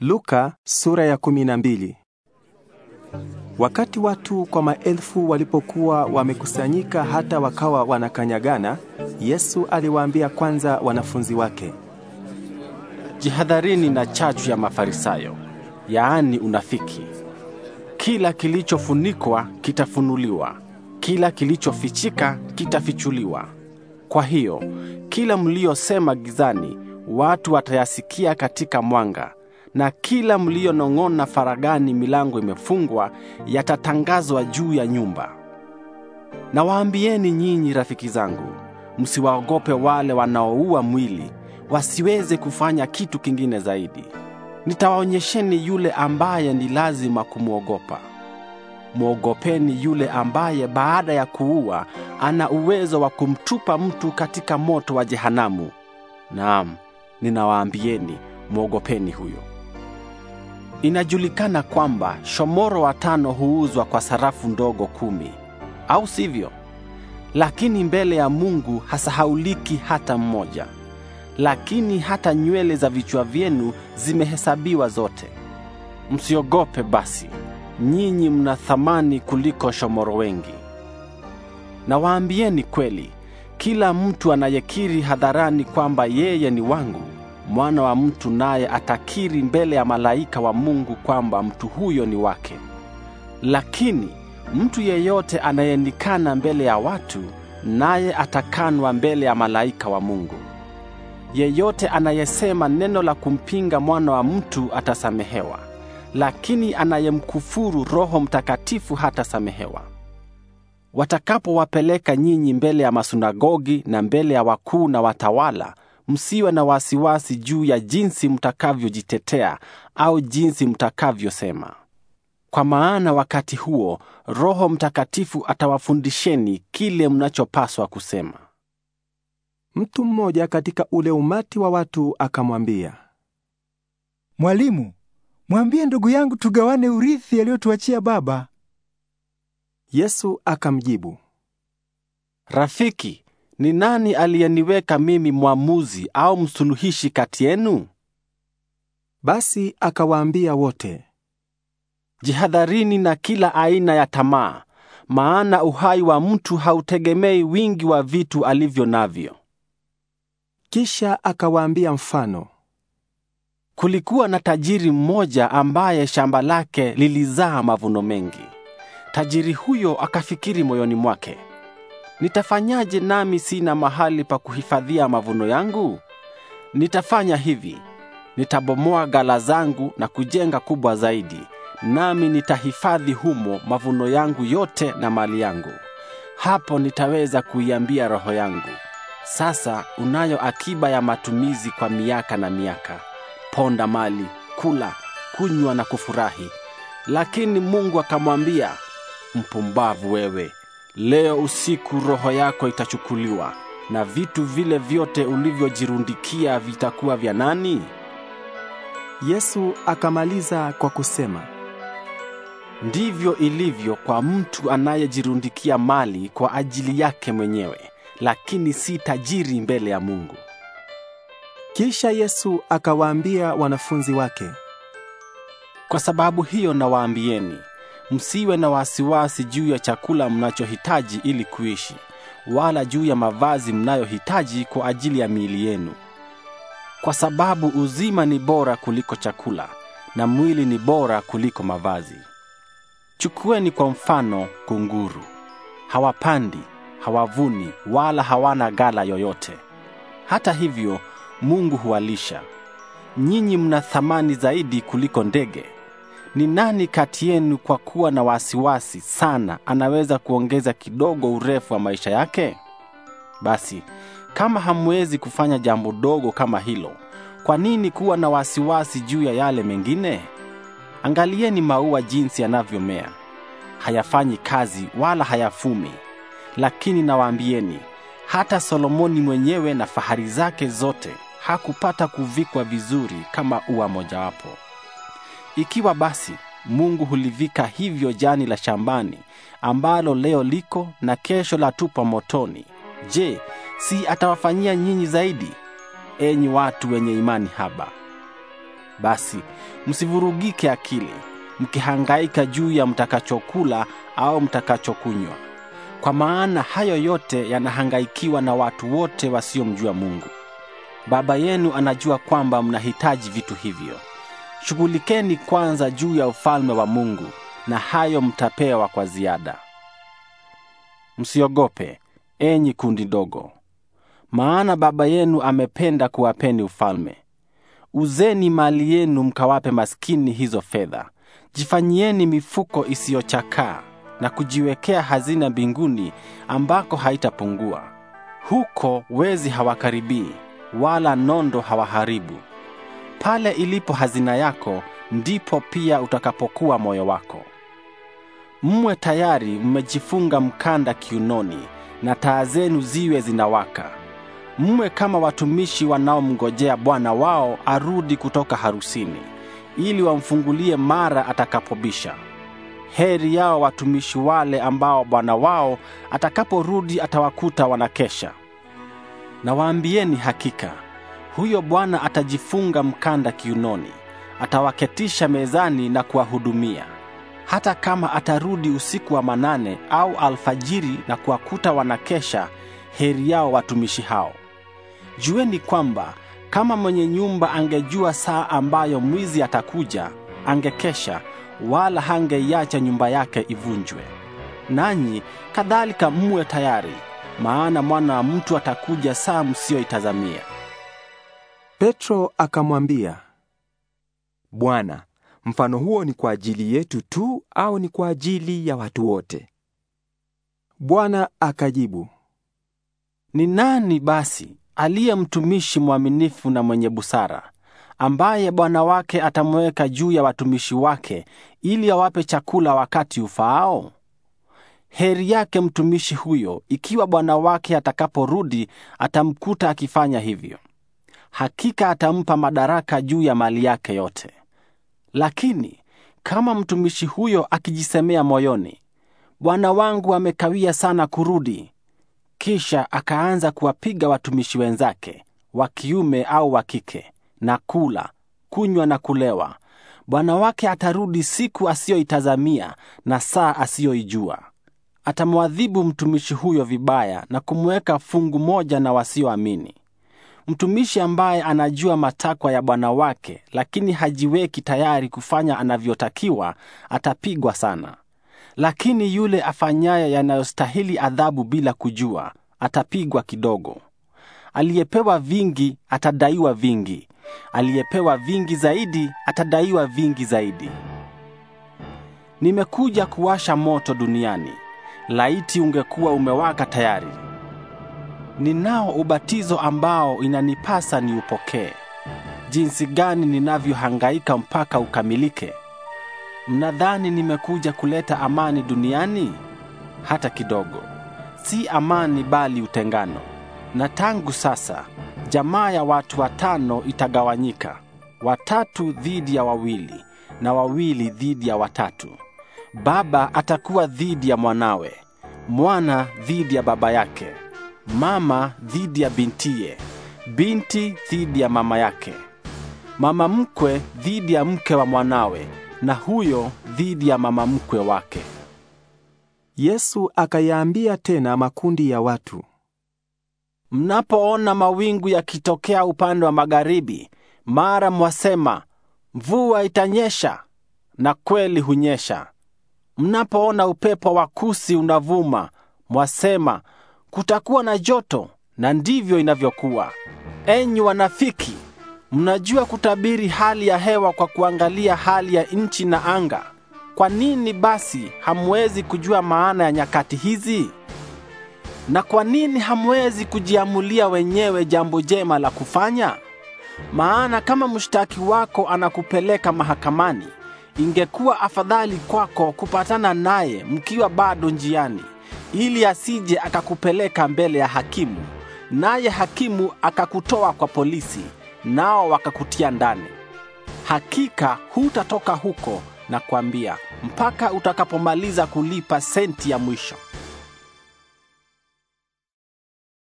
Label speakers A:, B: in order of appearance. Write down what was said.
A: Luka sura ya 12. Wakati watu kwa maelfu walipokuwa wamekusanyika hata wakawa wanakanyagana, Yesu aliwaambia kwanza wanafunzi wake, Jihadharini na chachu ya Mafarisayo, yaani unafiki. Kila kilichofunikwa kitafunuliwa, kila kilichofichika kitafichuliwa. Kwa hiyo, kila mliyosema gizani, watu watayasikia katika mwanga na kila mlionong'ona faragani, milango imefungwa, yatatangazwa juu ya nyumba. Na waambieni nyinyi rafiki zangu, msiwaogope wale wanaoua mwili, wasiweze kufanya kitu kingine zaidi. Nitawaonyesheni yule ambaye ni lazima kumwogopa. Mwogopeni yule ambaye baada ya kuua ana uwezo wa kumtupa mtu katika moto wa jehanamu. Naam, ninawaambieni mwogopeni huyo. Inajulikana kwamba shomoro watano huuzwa kwa sarafu ndogo kumi, au sivyo? Lakini mbele ya Mungu hasahauliki hata mmoja. Lakini hata nywele za vichwa vyenu zimehesabiwa zote. Msiogope basi, nyinyi mna thamani kuliko shomoro wengi. nawaambieni kweli, kila mtu anayekiri hadharani kwamba yeye ni wangu mwana wa mtu naye atakiri mbele ya malaika wa Mungu kwamba mtu huyo ni wake. Lakini mtu yeyote anayenikana mbele ya watu, naye atakanwa mbele ya malaika wa Mungu. Yeyote anayesema neno la kumpinga mwana wa mtu atasamehewa, lakini anayemkufuru Roho Mtakatifu hatasamehewa. Watakapowapeleka nyinyi mbele ya masunagogi na mbele ya wakuu na watawala msiwe na wasiwasi juu ya jinsi mtakavyojitetea au jinsi mtakavyosema, kwa maana wakati huo Roho Mtakatifu atawafundisheni kile mnachopaswa kusema. Mtu mmoja katika ule umati wa watu akamwambia, Mwalimu, mwambie ndugu yangu tugawane urithi aliyotuachia baba. Yesu akamjibu, Rafiki, ni nani aliyeniweka mimi mwamuzi au msuluhishi kati yenu? Basi akawaambia wote, jihadharini na kila aina ya tamaa, maana uhai wa mtu hautegemei wingi wa vitu alivyo navyo. Kisha akawaambia mfano, kulikuwa na tajiri mmoja ambaye shamba lake lilizaa mavuno mengi. Tajiri huyo akafikiri moyoni mwake nitafanyaje nami sina mahali pa kuhifadhia mavuno yangu? Nitafanya hivi, nitabomoa gala zangu na kujenga kubwa zaidi, nami nitahifadhi humo mavuno yangu yote na mali yangu. Hapo nitaweza kuiambia roho yangu, sasa unayo akiba ya matumizi kwa miaka na miaka. Ponda mali, kula, kunywa na kufurahi. Lakini Mungu akamwambia, mpumbavu wewe! Leo usiku roho yako itachukuliwa, na vitu vile vyote ulivyojirundikia vitakuwa vya nani? Yesu akamaliza kwa kusema, ndivyo ilivyo kwa mtu anayejirundikia mali kwa ajili yake mwenyewe, lakini si tajiri mbele ya Mungu. Kisha Yesu akawaambia wanafunzi wake, kwa sababu hiyo nawaambieni msiwe na wasiwasi juu ya chakula mnachohitaji ili kuishi, wala juu ya mavazi mnayohitaji kwa ajili ya miili yenu, kwa sababu uzima ni bora kuliko chakula na mwili ni bora kuliko mavazi. Chukueni kwa mfano kunguru, hawapandi, hawavuni, wala hawana gala yoyote. Hata hivyo Mungu huwalisha. Nyinyi mna thamani zaidi kuliko ndege. Ni nani kati yenu kwa kuwa na wasiwasi sana anaweza kuongeza kidogo urefu wa maisha yake? Basi kama hamwezi kufanya jambo dogo kama hilo, kwa nini kuwa na wasiwasi juu ya yale mengine? Angalieni maua jinsi yanavyomea, hayafanyi kazi wala hayafumi. Lakini nawaambieni, hata Solomoni mwenyewe na fahari zake zote hakupata kuvikwa vizuri kama ua mojawapo. Ikiwa basi Mungu hulivika hivyo jani la shambani ambalo leo liko na kesho la tupa motoni, je, si atawafanyia nyinyi zaidi, enyi watu wenye imani haba? Basi msivurugike akili mkihangaika juu ya mtakachokula au mtakachokunywa, kwa maana hayo yote yanahangaikiwa na watu wote wasiomjua Mungu. Baba yenu anajua kwamba mnahitaji vitu hivyo. Shughulikeni kwanza juu ya ufalme wa Mungu, na hayo mtapewa kwa ziada. Msiogope, enyi kundi dogo, maana Baba yenu amependa kuwapeni ufalme. Uzeni mali yenu mkawape maskini hizo fedha. Jifanyieni mifuko isiyochakaa na kujiwekea hazina mbinguni ambako haitapungua. Huko wezi hawakaribii wala nondo hawaharibu. Pale ilipo hazina yako, ndipo pia utakapokuwa moyo wako. Mwe tayari mmejifunga mkanda kiunoni na taa zenu ziwe zinawaka. Mwe kama watumishi wanaomngojea bwana wao arudi kutoka harusini, ili wamfungulie mara atakapobisha. Heri yao watumishi wale ambao bwana wao atakaporudi atawakuta wanakesha. nawaambieni hakika huyo bwana atajifunga mkanda kiunoni, atawaketisha mezani na kuwahudumia. Hata kama atarudi usiku wa manane au alfajiri na kuwakuta wanakesha, heri yao watumishi hao. Jueni kwamba kama mwenye nyumba angejua saa ambayo mwizi atakuja, angekesha wala hangeiacha nyumba yake ivunjwe. Nanyi kadhalika mwe tayari, maana mwana wa mtu atakuja saa msiyoitazamia. Petro akamwambia, Bwana, mfano huo ni kwa ajili yetu tu au ni kwa ajili ya watu wote? Bwana akajibu, ni nani basi aliye mtumishi mwaminifu na mwenye busara ambaye bwana wake atamweka juu ya watumishi wake ili awape chakula wakati ufaao? Heri yake mtumishi huyo ikiwa bwana wake atakaporudi atamkuta akifanya hivyo hakika atampa madaraka juu ya mali yake yote. Lakini kama mtumishi huyo akijisemea moyoni, bwana wangu amekawia sana kurudi, kisha akaanza kuwapiga watumishi wenzake wa kiume au wa kike, na kula, kunywa na kulewa, bwana wake atarudi siku asiyoitazamia na saa asiyoijua. Atamwadhibu mtumishi huyo vibaya na kumweka fungu moja na wasioamini. Mtumishi ambaye anajua matakwa ya bwana wake, lakini hajiweki tayari kufanya anavyotakiwa, atapigwa sana. Lakini yule afanyaye yanayostahili adhabu bila kujua, atapigwa kidogo. Aliyepewa vingi atadaiwa vingi. Aliyepewa vingi zaidi atadaiwa vingi zaidi. Nimekuja kuwasha moto duniani. Laiti ungekuwa umewaka tayari! ninao ubatizo ambao inanipasa niupokee. Jinsi gani ninavyohangaika mpaka ukamilike! Mnadhani nimekuja kuleta amani duniani? Hata kidogo! Si amani, bali utengano. Na tangu sasa jamaa ya watu watano itagawanyika, watatu dhidi ya wawili na wawili dhidi ya watatu. Baba atakuwa dhidi ya mwanawe, mwana dhidi ya baba yake mama dhidi ya bintiye, binti dhidi ya mama yake, mama mkwe dhidi ya mke wa mwanawe, na huyo dhidi ya mama mkwe wake. Yesu akayaambia tena makundi ya watu, mnapoona mawingu yakitokea upande wa magharibi, mara mwasema mvua itanyesha, na kweli hunyesha. Mnapoona upepo wa kusi unavuma, mwasema kutakuwa na joto, na ndivyo inavyokuwa. Enyi wanafiki, mnajua kutabiri hali ya hewa kwa kuangalia hali ya nchi na anga. Kwa nini basi hamwezi kujua maana ya nyakati hizi? Na kwa nini hamwezi kujiamulia wenyewe jambo jema la kufanya? Maana kama mshtaki wako anakupeleka mahakamani, ingekuwa afadhali kwako kupatana naye mkiwa bado njiani ili asije akakupeleka mbele ya hakimu, naye hakimu akakutoa kwa polisi, nao wakakutia ndani. Hakika hutatoka huko, na kuambia mpaka utakapomaliza kulipa senti ya mwisho.